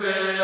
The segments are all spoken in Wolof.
be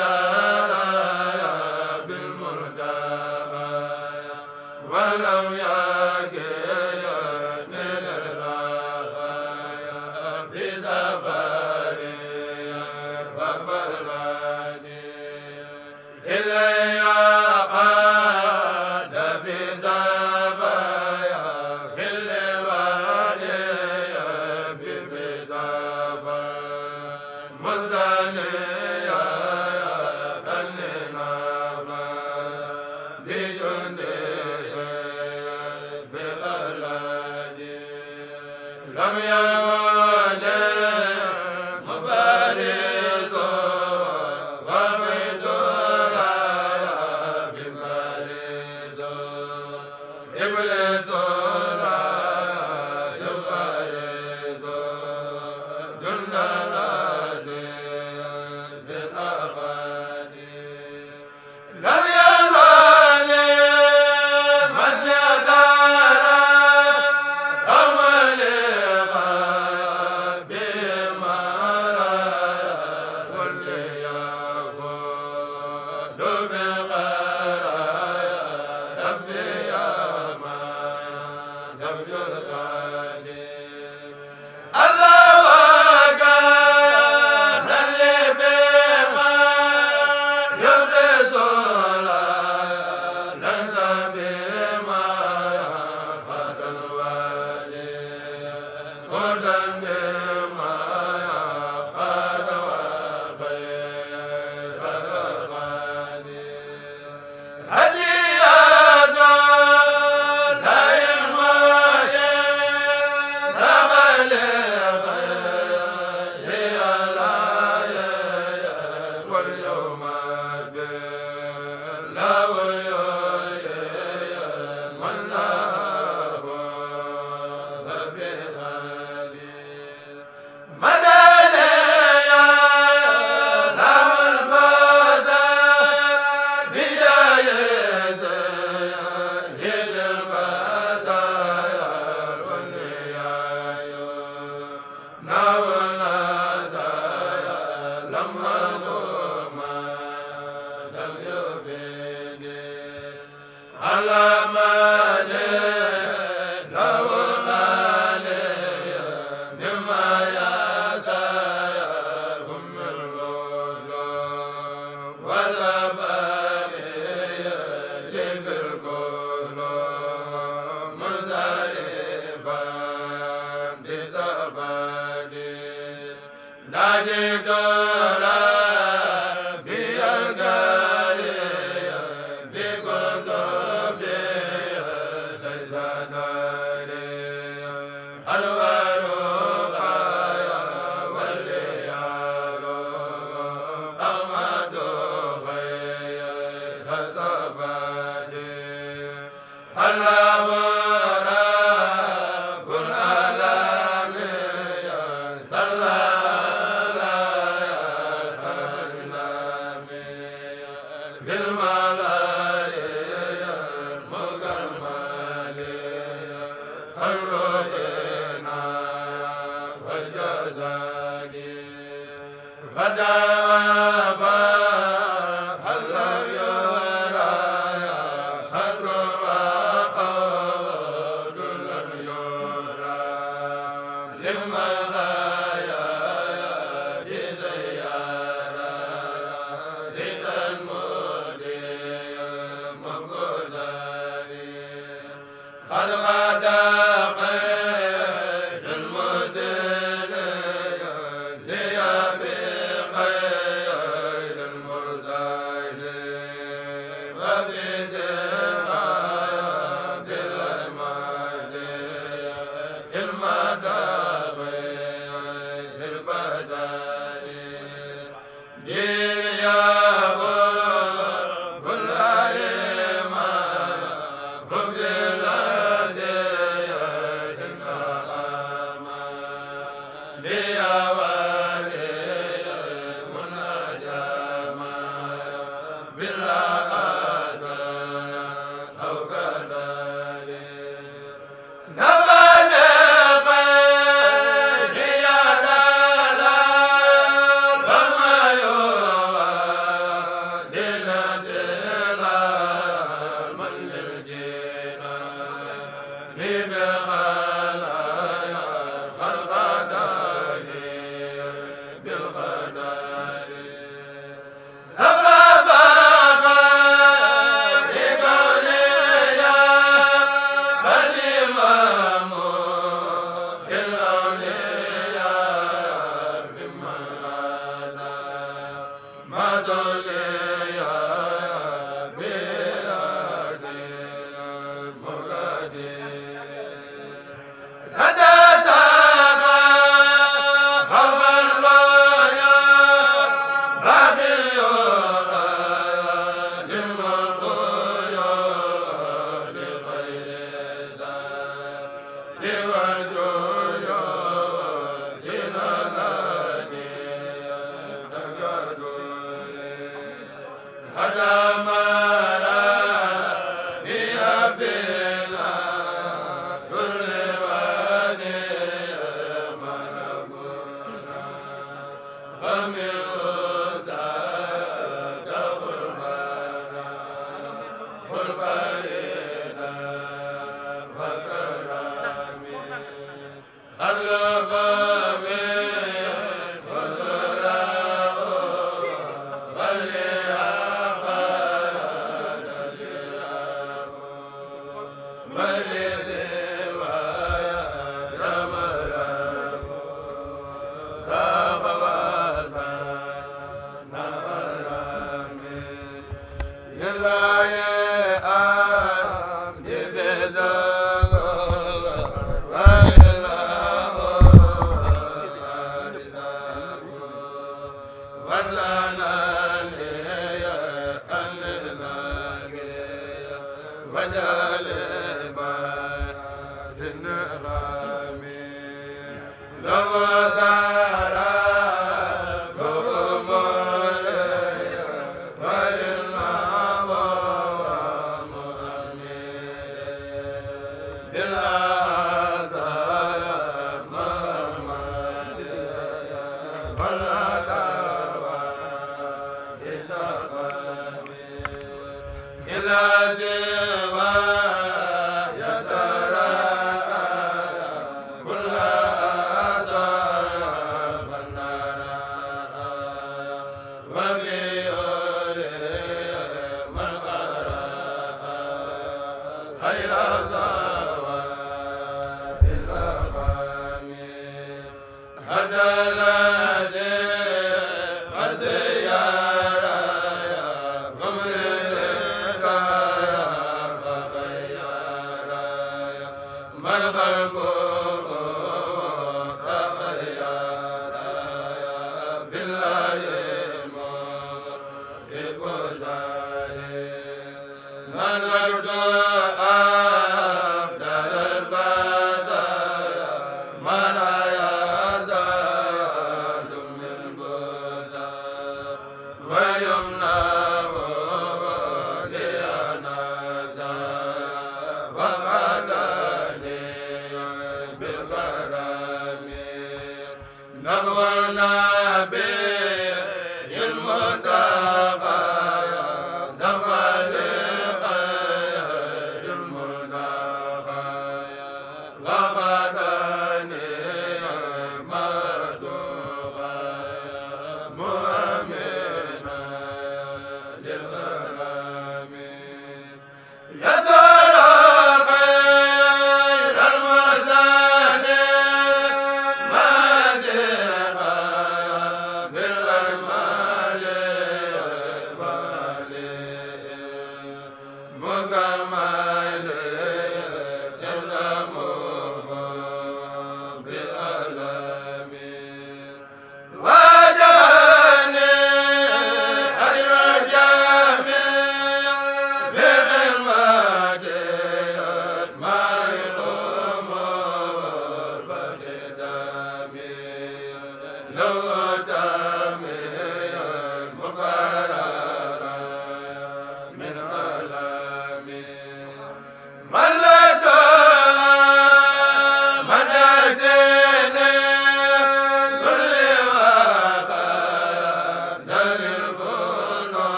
Fada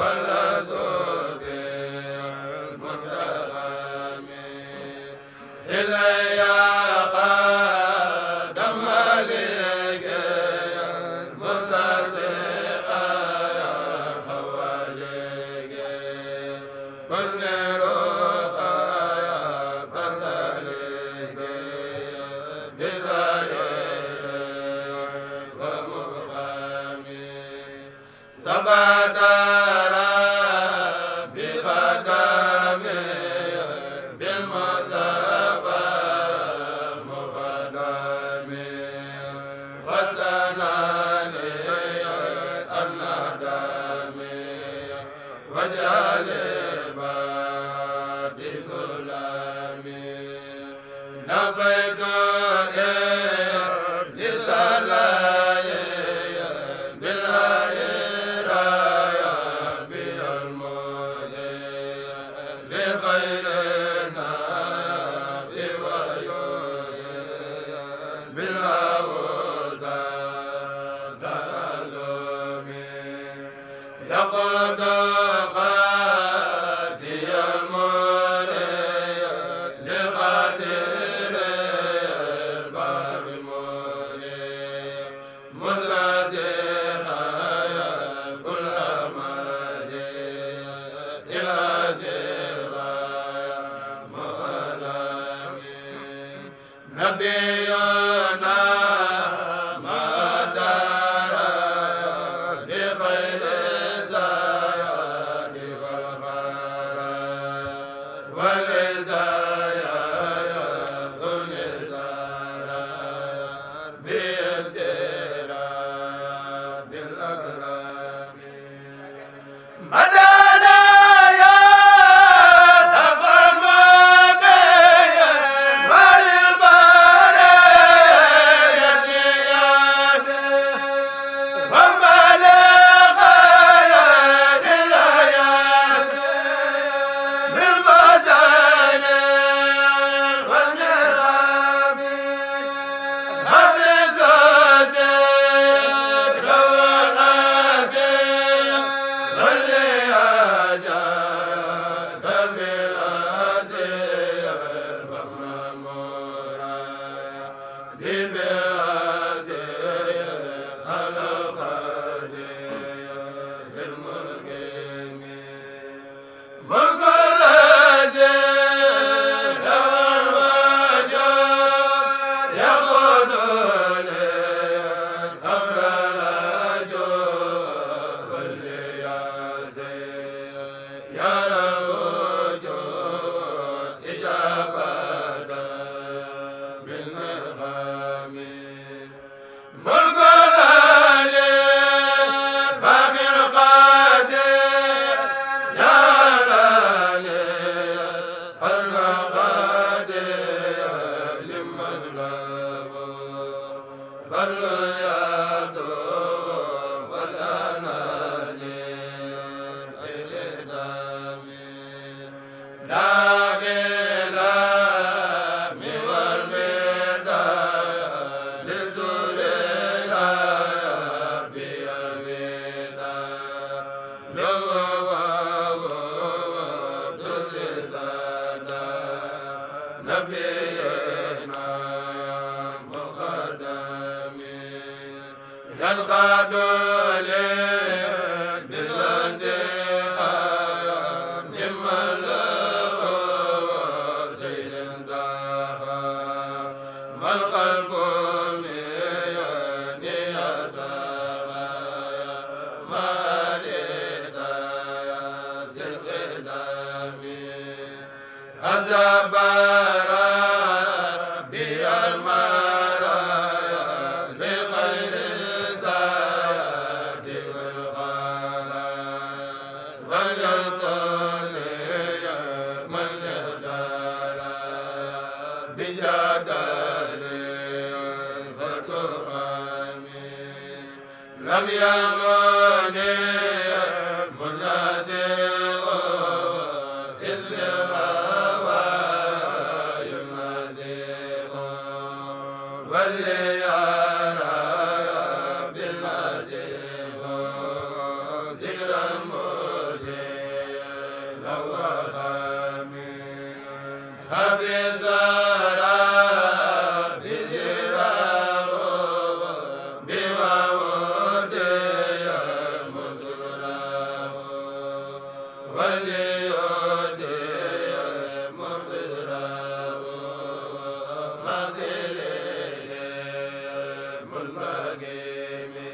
wala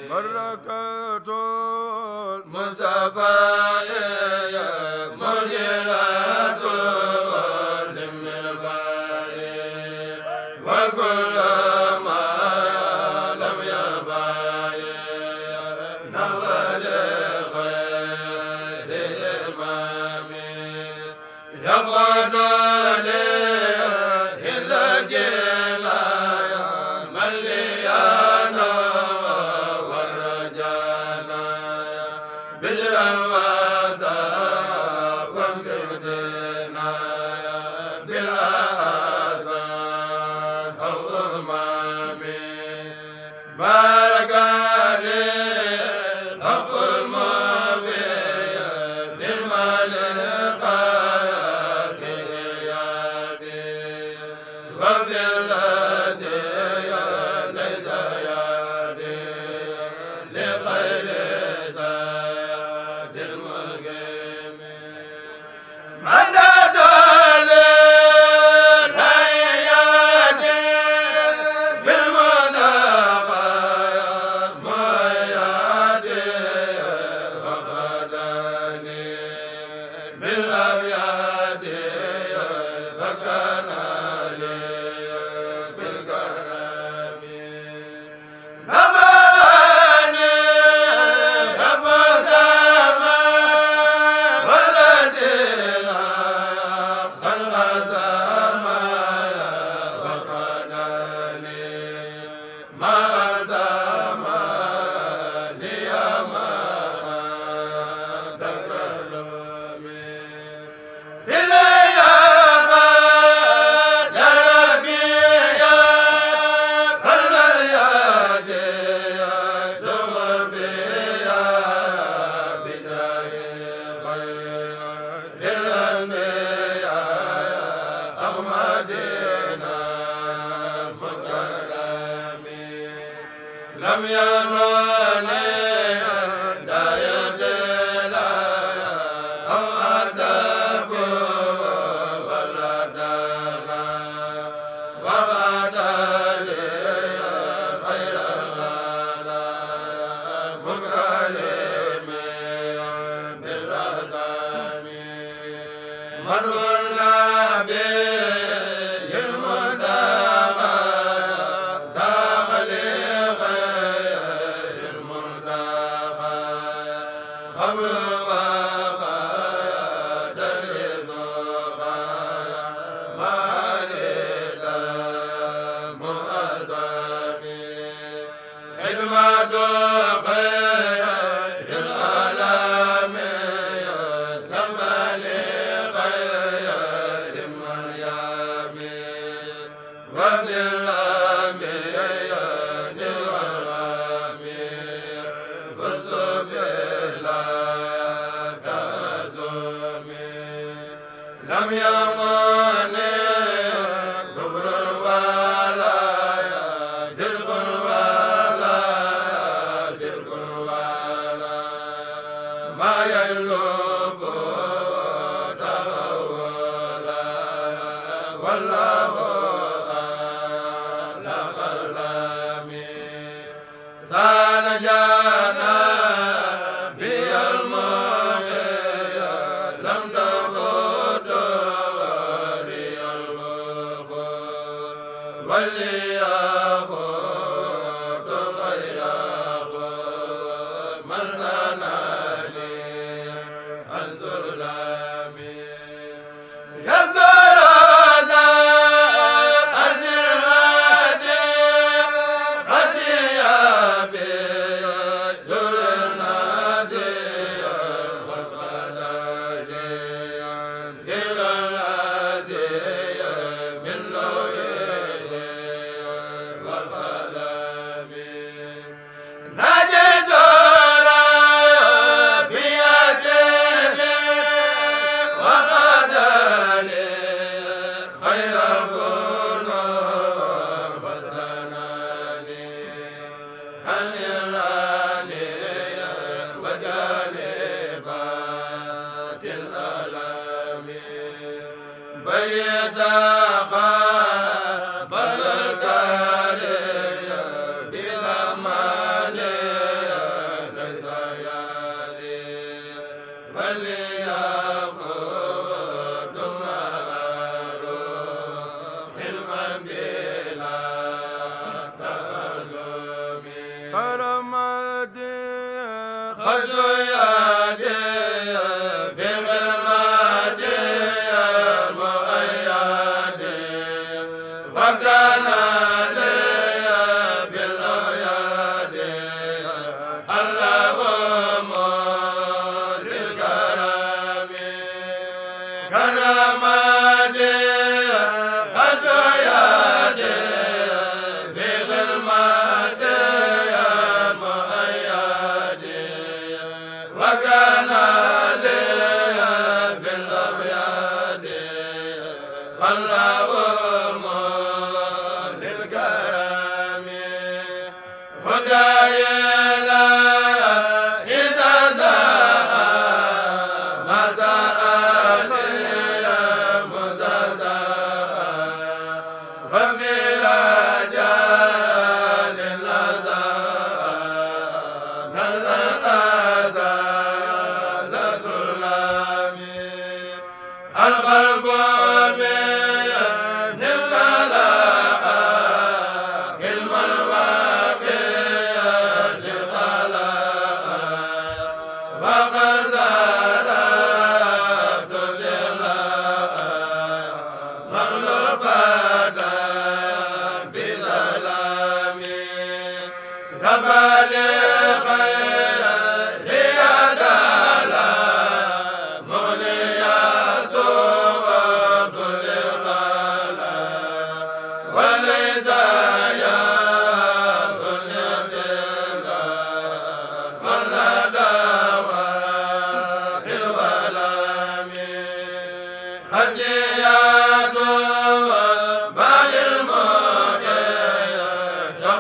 barakatul musafa ya mawlilatu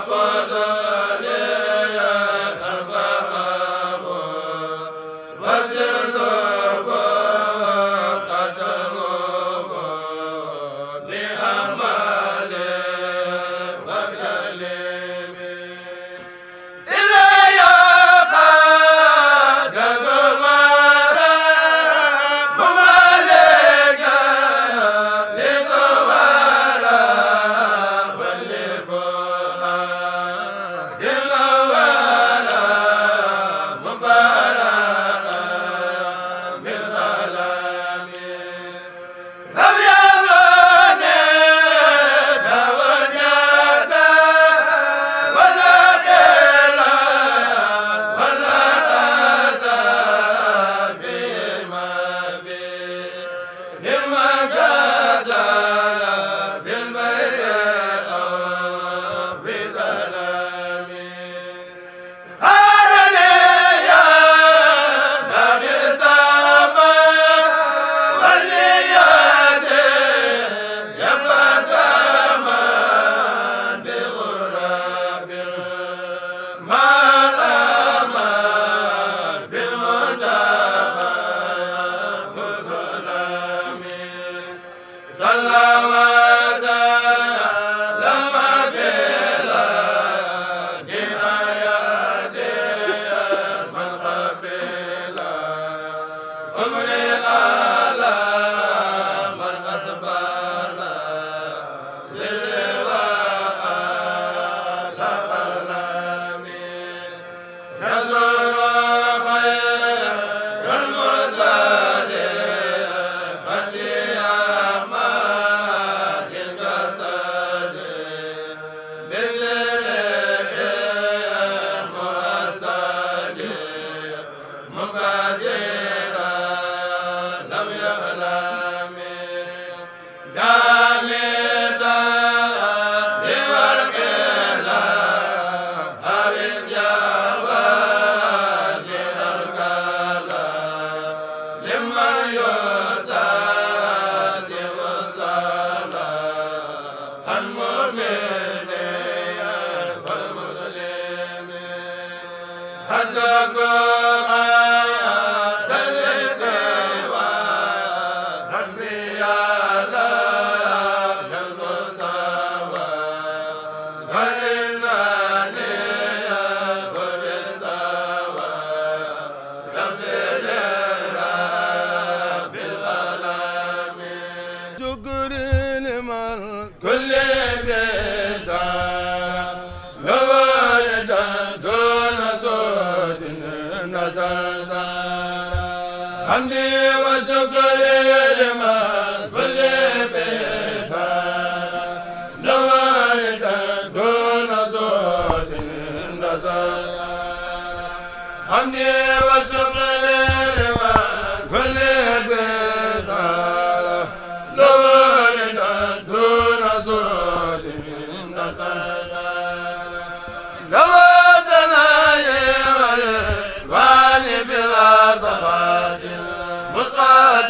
laqad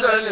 dal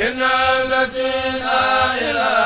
إن الذي لا إله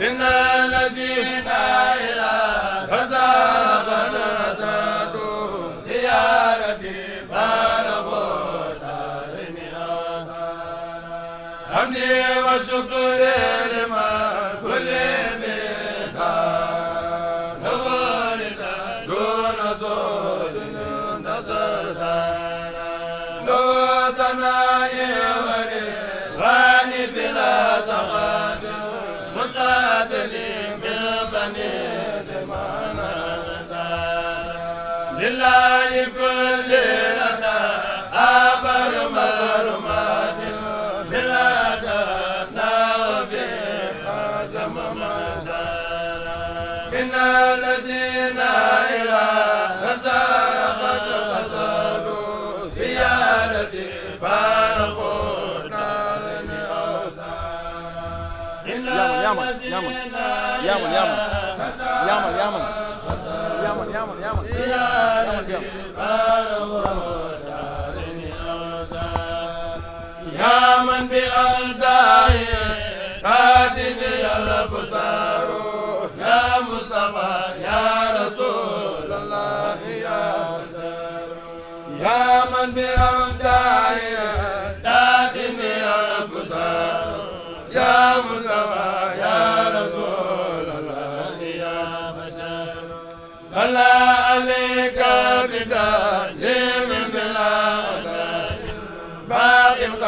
إن الذين إلى غزال yaaman yaaman yaaman yaaman yaaman yaaman yaaman yaaman yaaman bi aldaay qaadin ya rab saaru ya mustafa ya rasulallah ya man bi aldaay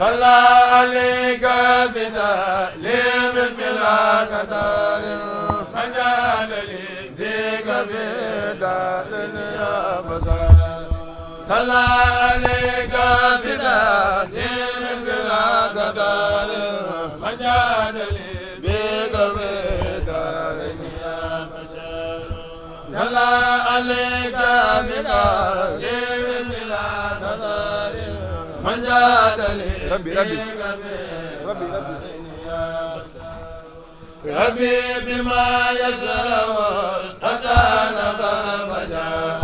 صلى عليك بدا لمن ملاك دار مجال لي ديك بدا لنيا بزار صلى عليك بلا دين بلا قدر مجال لي بك بدار يا بشر صلى عليك بلا دين بلا قدر مجال لي ربي ربي ربي ربي ربي بما يزرع الحسن فجاه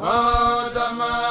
ma dama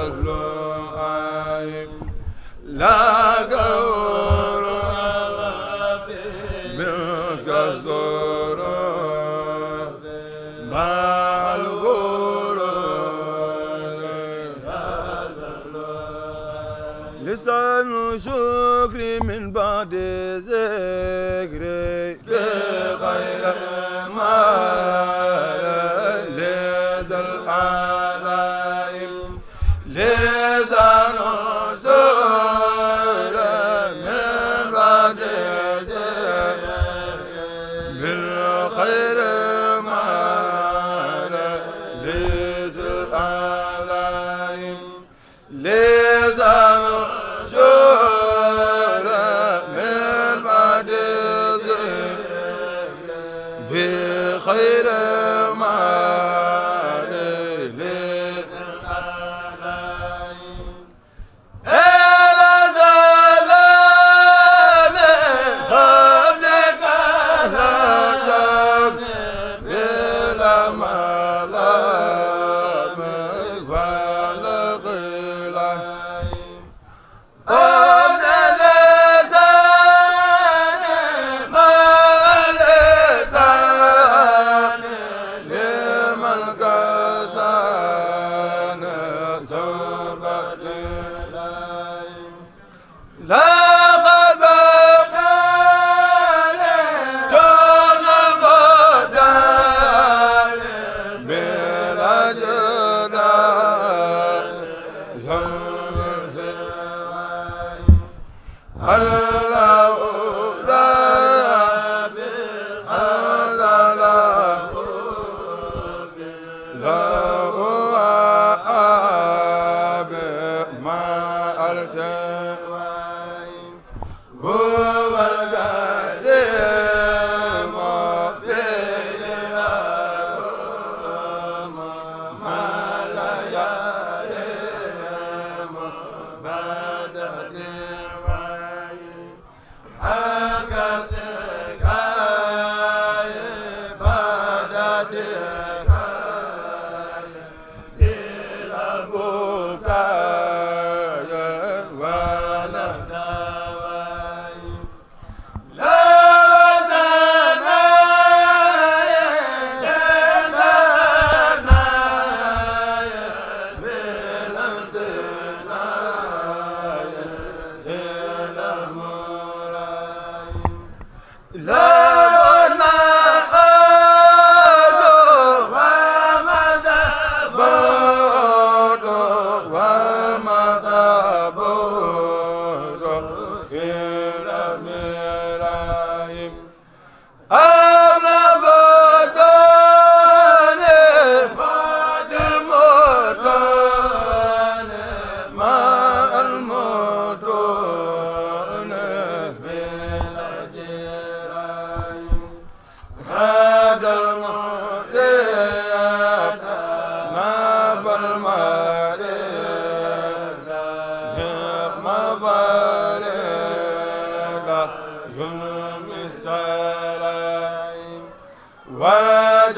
sallallahu Allah wa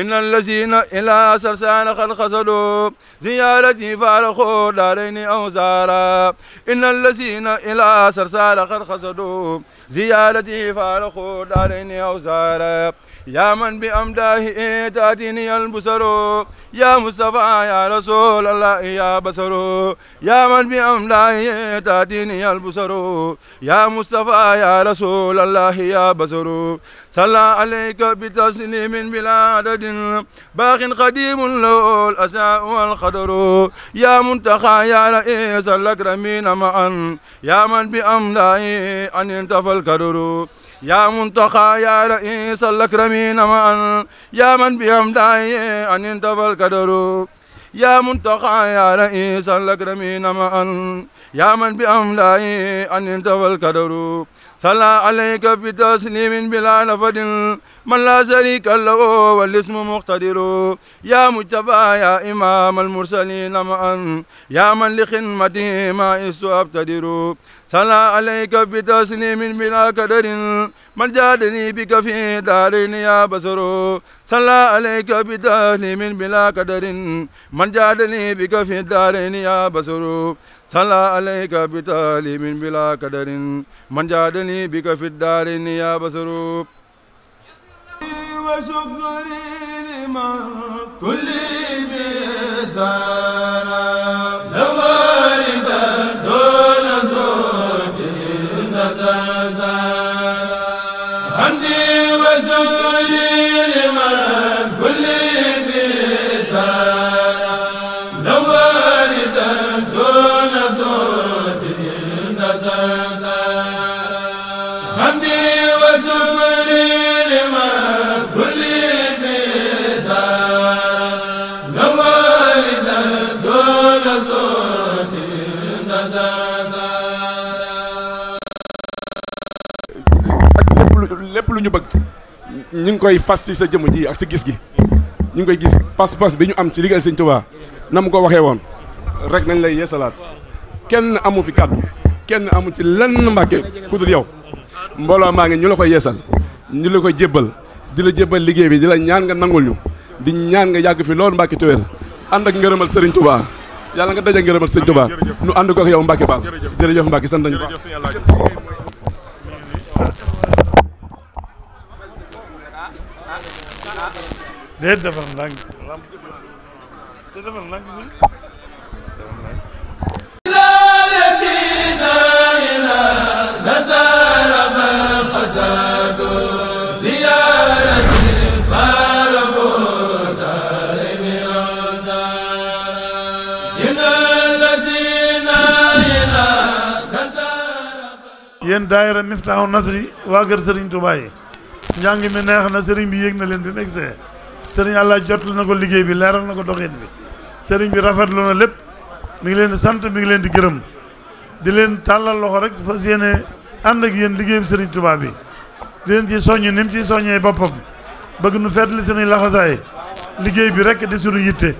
إن الذين إلى سرسان قد خسدوا زيارتي فارقوا دارين أو زارا إن الذين إلى سرسان قد خسدوا زيارتي فارقوا دارين أو زارا يا من بأمداه تأتيني البصر يا مصطفى يا رسول الله يا بصر يا من بأمداه تأتيني البصر يا مصطفى يا رسول الله يا بصر صلى عليك بتسليم بلا عدد باق قديم له الأساء والقدر يا منتخى يا رئيس الأكرمين معا يا من بأمداه أن ينتفى الكدر يا منتقى يا رئيس الأكرمين معا يا من بهم داعي أن ينتفى القدر يا منتقى يا رئيس الأكرمين معا يا من بهم داعي أن ينتفى القدر صلى عليك بتسليم بلا نفد من لا شريك له والاسم مقتدر يا مجتبى يا إمام المرسلين معا يا من لخدمته ما أبتدر صلى عليك بتسليم بلا قدر من جادني بك في دارين يا بصر صلى عليك بتسليم بلا قدر من جادني بك في دارين يا بصر صلى عليك بتسليم بلا قدر من جادني بك في الدارين يا بصر وشكري لمن كل بسارة lépp lu ñu bëgg ñu ngi koy fas ci sa jëmm ji ak si gis gi ñu ngi koy gis pas-pas bi ñu am ci liggéey sëñ Tuubaa na mu ko waxee woon rek nañ lay yeesalaat kenn amu fi kàddu kenn amu ci lenn mbàkke ku dul yow mbooloo maa ngi ñu la koy yeesal ñu la koy jébbal di la jébbal liggéey bi di la ñaan nga nangul ñu di ñaan nga yàgg fi loolu mbàkke téwéer ànd ak ngërëmal sëriñ Tuubaa yàlla nga daje ngërëmal sëriñ Tuubaa nu ànd ko ak yow mbàkke baal jërëjëf mbàkke sant nañu déet defal ndànk déet defal ndànk yéen daayira Miftahul Nasri waa kër Serigne Touba yi njàng mi neex na Serigne bi yéeg na leen bi mu egsee sëriñ Alla jotul na ko liggéey bi leeral na ko doxin bi sëriñ bi rafet rafetlu na lépp mu ngi leen di sant mi ngi leen di gërëm di leen tàllal loxo rek fas yéene ànd ak yéen liggéeyam sëriñ tubaa bi di leen ci soññ ni ci ciy soññee boppam bëgg nu feetli suñuy laxasaay liggéey bi rek di suñu yitte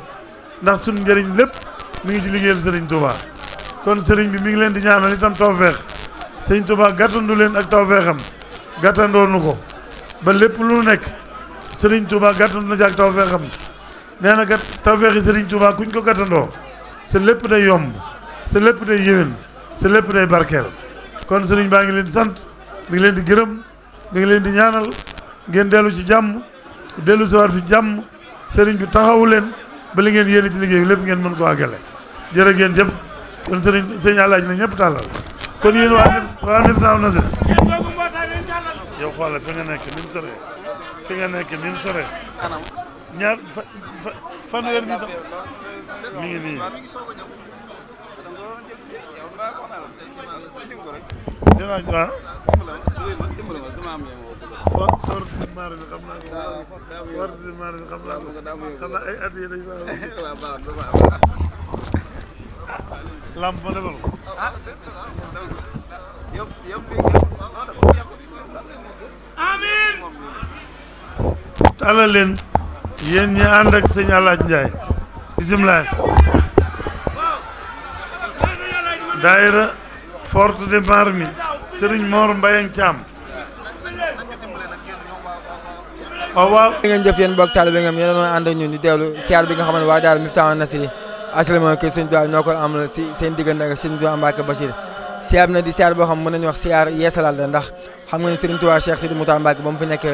ndax suñu njëriñ lépp mi ngi ci liggéeyal sëriñ Tuubaa kon sëriñ bi mu ngi leen di ñaanal itam tawfeex sëriñ tubaa gàttandu leen ak tawfeexam gàttandoonu ko ba lépp nekk Serigne Touba gàttandu na ci ak tawfeexam nee na kat tawfeexi Serigne Touba kuñ ko gàttandoo sa lépp day yomb sa lépp day yéwén sa lépp day barkeel kon sëriñ baa ngi leen di sant mi ngi leen di gërëm mi leen di ñaanal ngeen dellu ci jàmm dellu si waat fi jàmm Serigne bi taxawu leen ba li ngeen yéene ci liggéey lépp ngeen mën ko àggale jërë ngeen jëf kon Serigne Serigne Alaaji na ñëpp tàllal kon yéen waa waa Hifnaa wa Nasr yow xoolal fi nga nekk ni mu sëree fi nga nekk ni mu sore ñaar fa fa mi ngi nii dinaa waaw for for xam naa ko for di maar xam naa ko xam naa ay at yi dañ baax lamp ma defal tàllal leen yéen ñi ànd ak sëñ Alaaji Njaay bisimilah daayira forte de Marmi sëriñ Mor Mbayang Thiam oh, waaw waaw ngeen jëf yéen mbokk taalibe ngam nga xam ne waa daara Miftahul Nasri asalaama kër sëñ Tuubaa ñoo ko amal si seen diggante ak sëñ Tuubaa Mbàkke Bachir siyaar bi nag di siyaar boo xam mën nañu wax siyaar yeesalaal la ndax xam nga ne sëriñ Tuubaa Cheikh Sidi Mouta Mbàkke ba mu fi nekk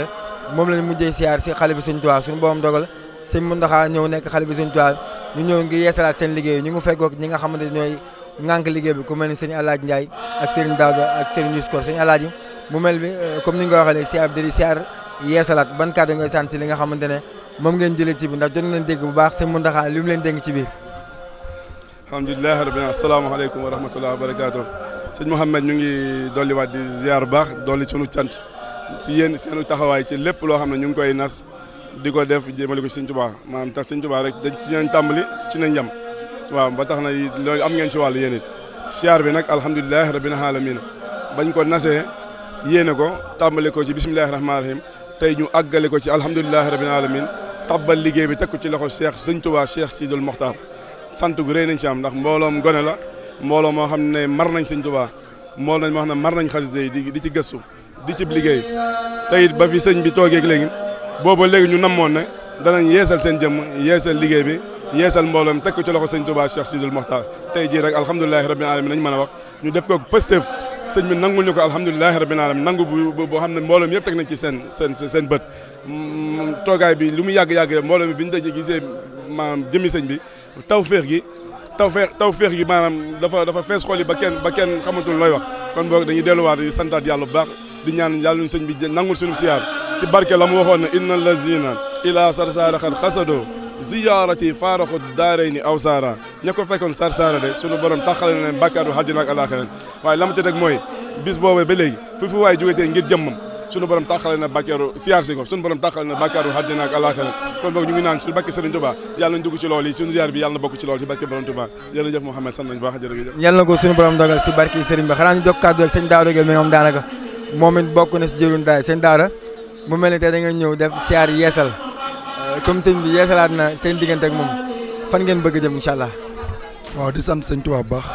moom lañ mujjee siyaar si xalifa sëñ Tuubaa suñu borom dogal sëñ Muntaxa ñëw nekk xale bi sëñ Tuubaa ñu ñëw ngi yeesalaat seen liggéey ñu ngi fekkoog ñi nga xamante ñooy ŋànk liggéey bi ku mel ni sëñ Alaaji Ndiaye ak sëriñ Daouda ak sëriñ Yuskor mu mel bi euh, comme ni nga ko waxee léegi siyaar bi di siyaar yeesalaat ban kàddu ngay sant si li nga xamante ne moom ngeen jëlee ci bi ndax jot ngeen dégg bu baax sëñ Muntaxa li mu leen dénk ci biir alhamdulilah rabbil asalaamaaleykum wa rahmatullah wa barakatuh sëñ Mouhamed ñu ngi dolli waat di ziar baax dolli sunu cant si yéen seenu taxawaay ci lépp loo xam ne ñu ngi koy nas di ko def jéemale ko Sëñ Tuubaa ma tax Sëñ Tuubaa rek dañ ci nañ tàmbali ci nañ yem waaw ba tax na loolu am ngeen si wàllu yéen it siyaar bi nag alhamdulilahi rabbil alamin bañ ko nasee yéene ko tàmbali ko ci bisimilahi rahmaani rahim tey ñu àggale ko ci alhamdulilahi rabbil alamin tabbal liggéey bi teg ko ci loxo Cheikh Sëñ Tuubaa Cheikh Sidul Moxtaar sant gu rëy nañ ci am ndax mbooloom gone la mbooloo moo xam ne mar nañ Sëñ Tuubaa mbooloo nañ moo xam ne mar nañ xasida yi di ci gëstu di cib liggéey te ba fi sëñ bi toogeeg léegi booba léegi ñu namoon ne danañ yeesal seen jëmm yeesal liggéey bi yeesal mbooloom teg ko ci loxo sëñ Touba Cheikh Sidul Mokhtar tey jii rek alhamdulilahi rabbil alamin nañ mën a wax ñu def ko pësteef sëñ bi nangul ñu ko alhamdulilahi rabbil alamin nangu bu boo xam ne mbooloom yëpp teg nañ ci seen seen seen bët mm, toogaay bi lu mu yàgg-yàgg mbooloo bi bi ñu daje gisee maanaam jëmi sëñ bi tawféex gi taw tawféex gi maanaam dafa dafa fees xol ba kenn ba kenn xamatul looy wax kon boog dañuy delluwaat di santaat yàlla bu baax di ñaan yàlla ñu sëñ bi nangul suñu siyaar ci barke la mu waxoon ne inna lazina ila sarsaara xat xasado ziyaarati faaraxu daaray ni aw saara ña ko fekkoon sarsaara de sunu borom taxale na leen bàkkaaru àddina ak àllaaxira waaye la mu ca teg mooy bis boobu ba léegi fu fi waaye jógetee ngir jëmmam sunu borom taxale na bàkkaaru siyaar si ko sunu borom taxale na bàkkaaru àddina ak àllaaxira kon sunu ziyaar bi na bokk ci loolu ci na sunu borom dogal moom it bokk na si jëruñ daay seen daara mu mel ne tey da nga ñëw def siyaar yeesal euh, comme sëñ bi yeesalaat na seen diggante ak moom fan ngeen bëgg jëm incha allah. waaw di sant sëñ Tuubaa baax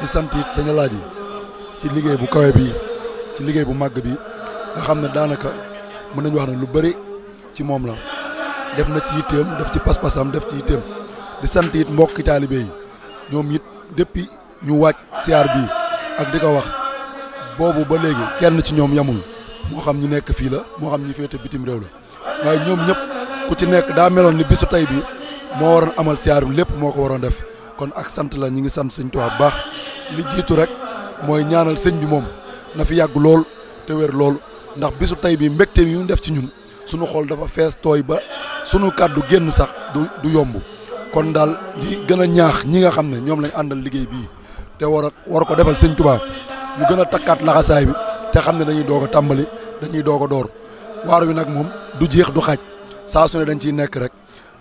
di sant it sëñ Alaaji ci liggéey bu kawe bi ci liggéey bu màgg bi nga xam ne daanaka mën nañu wax ne lu bëri ci moom la def na ci yitteem def ci pas-pasam def ci yitteem di sant it mbokki taalibe yi ñoom it depuis ñu wàcc siyaar bi ak di ko wax. boobu ba léegi kenn ci ñoom yamul moo xam ñi nekk fii la moo xam ñi féete bitim réew la waaye ñoom ñëpp ku ci nekk daa meloon ni bisu tey bi moo waroon amal siyaar lépp moo ko waroon def kon ak sant la ñi ngi sant sëñ Tuubaa bu baax li jiitu rek mooy ñaanal sëñ bi moom na fi yàgg lool te wér lool ndax bisu tey bi mbégte yu ñu def ci ñun sunu xool dafa fees tooy ba suñu kàddu génn sax du du yomb kon daal di gën ñaax ñi nga xam ne ñoom lañu àndal liggéey bii te war a war ko defal sëñ Tuubaa ñu gën a takkaat laxasaay bi te xam ne dañuy doog a tàmbali dañuy doog a door waar wi nag moom du jeex du xaaj saa su ne dañ ciy nekk rek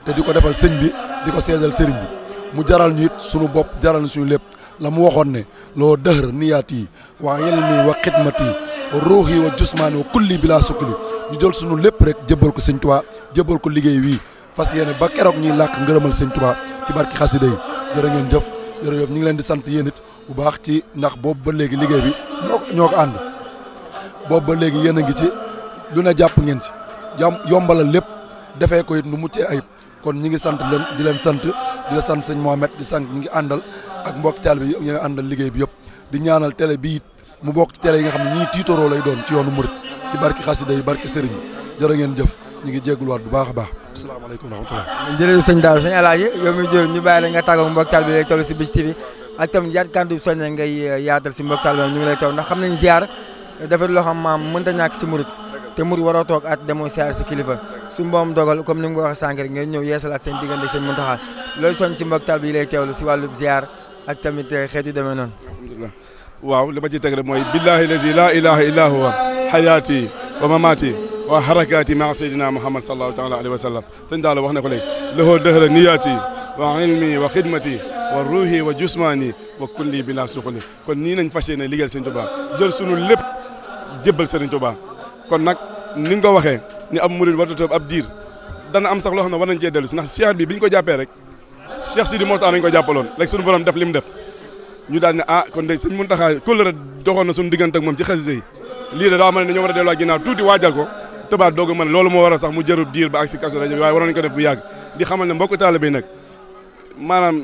te di ko defal sëñ bi di ko seedal sëriñ bi mu jaral ñu it suñu bopp jaral ñu suñu lépp la mu waxoon ne loo dëxër niyaat yi waa yenn mi wa xidmat yi wa ruux yi wa jusmaani wa kulli bi laa sukkali ñu jël suñu lépp rek jëbal ko sëñ Tuubaa jëbal ko liggéey wii fas yenn ba keroog ñuy làkk ngërëmal sëñ Tuubaa ci barki xasida yi jërë ngeen jëf jërëjëf ñu ngi leen di sant yéen it bu baax ci ndax boobu ba léegi liggéey bi ñoo ñoo ko ànd boobu ba léegi yéen a ngi ci lu ne jàpp ngeen ci jàmm yombalal lépp defee ko it nu muccee ayib kon ñi ngi sant leen di leen sant di la sant sëñ Mohamed di sant ñi ngi àndal ak mbokk taal bi ñu ngi àndal liggéey bi yëpp di ñaanal télé bi it mu bokk ci télé yi nga xam ne ñii tiitoroo lay doon ci yoonu murit ci barki xasida yi barki sëriñ jërë ngeen jëf ñu ngi jégaluwaat bu baax a baax. asalaamaaleykum wa rahmatulah. jërëjëf sëñ Dame Alaaji yow mi ñu bàyyi la nga tàggatoo mbokk taal bi lay toll si Bichri TV ak tam yaat kàddu soññe ngay eh, yaatal si mbokk taal bi ñu ngi lay taw ndax xam nañ ziar dafa loo xam maam mënta ñàkk si murit te murit waroo toog at demoo ziar si kilifa su mboom dogal comme ni mu ko waxee sànq rek ngay ñëw yeesalaat seen diggante seen Muntaxa looy soñ si mbokk taal bi lay teewlu si wàllu ziar ak tamit eh, xeeti demee noonu. alhamdulilah waaw li ma ciy teg mooy billahi la ilaha illa huwa hayati wa mamati wa harakaati maa sayyidina Muhammad sallallahu taala alayhi wa sallam sëñ daal wax na ko léegi lahoo dëhla niyaati wa ilmi wa xidmati wa ruuhi wa jusmaani wa kulli bila suqali kon nii nañ fas yéene liggéeyal sëñ Tuubaa jël sunu lépp jébbal sëriñ Tuubaa kon nag ni nga ko waxee ni ab murid war ab diir dana am sax loo xam ne war nañ cee si nax siyaar bi bi ñu ko jàppee rek Cheikh Sidi Moxtaar nañ ko jàppaloon rek sunu borom def li mu def ñu daal a ah kon de sëñ Muntaxa kóllëre doxoon na sunu diggante ak moom ci xasida yi lii de ma ne dañoo war a delluwaat ginnaaw tuuti waajal ko tëbaat doog a mën loolu moo waral sax mu jërub diir ba ak si kaso rajo bi waaye waroon nañu ko bu yàgg di xamal ne mbokk taalibe yi nag maanaam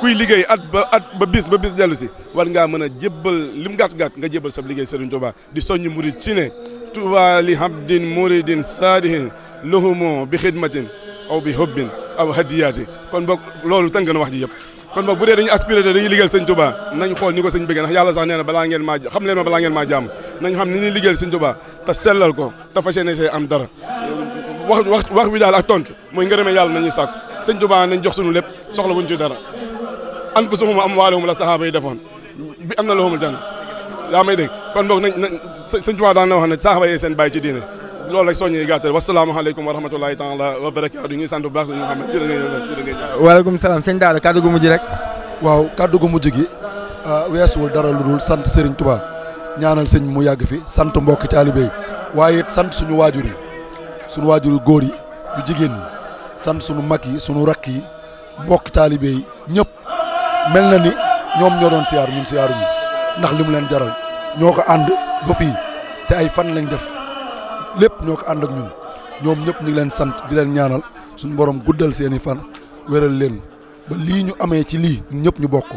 kuy liggéey at ba at ba bis ba bis dellu si war ngaa mën a jébbal lim gàtt-gàtt nga jébbal sab liggéey Serigne Touba di soññ murid ci ne Touba li habdin muridin saadihin lohumo bi xidmatin aw bi hobbin aw hadiyaati kon boog loolu tënk na wax ji yëpp kon boog bu dee dañuy aspiré dañuy liggéeyal sëñ Touba nañ xool ni ko sëñ bëggee ndax a sax nee na balaa ngeen maa xam ma balaa nañ xam ni ñu liggéey Sëñ Tuubaa te sellal ko te fas yéene see am dara wax wax wax bi daal ak tontu mooy ngërëmee yàlla nañuy sàkku Sëñ Tuubaa nañ jox suñu lépp soxla wuñ ci dara an fa suxuma am waalewum la saxaaba yi defoon bi am na lahumul jan yaa may dégg kon boog nañ Sëñ Tuubaa daan na wax ne saxaaba yi seen bàyyi ci diine loolu rek soññi gàttal wasalaamaaleykum wa rahmatulahi taala wa barakaatu ñu ngi sant bu baax sëñ Mouhamed jërë ngeen jërë ngeen waaleykum salaam sëñ Daara kàddu rek waaw kàddu gu mujj gi ah, weesuwul dara lu dul sant Serigne Touba ñaanal sëñ mu yàgg fi sant mbokki taalibe yi waaye sant suñu waajur yi suñu waajur yu góor yi yu jigéen ñi sant suñu mag yi suñu rakk yi mbokki taalibe yi ñëpp mel na ni ñoom ñoo doon siyaar ñun siyaaru ñu ndax li mu leen jaral ñoo ko ànd ba fii te ay fan lañ def lépp ñoo ko ànd ak ñun ñoom ñëpp ñu ngi leen sant di leen ñaanal suñu borom guddal seeni fan wéral leen ba lii ñu amee ci lii ñun ñëpp ñu bokk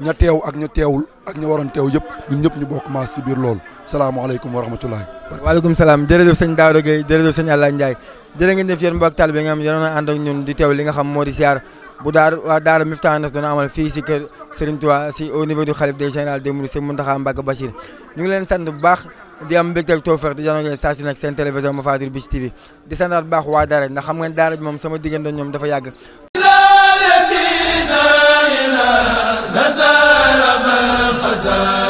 ña teew ak ña teewul ak ña waroon teew yëpp ñun ñëpp ñu bokk maas si biir loolu salaamaaleykum wa rahmatullahi waaleykum salaam jërëjëf sëñ Daouda Gueye jërëjëf sëñ Alla Ndiaye jërë ngeen def yéen mbokk taalibe nga xam a ànd ak ñun di xam moo di siyaar bu daar waa daara Miftahul Nas doon amal fii si kër Serigne Touba si au niveau du général des mourides Serigne Mountakha Mbacké Bachir ñu ngi leen sant bu baax di am mbégte ak tawfeex di janoo saa su nekk seen télévision Mafatir Bichri TV di santaat هذا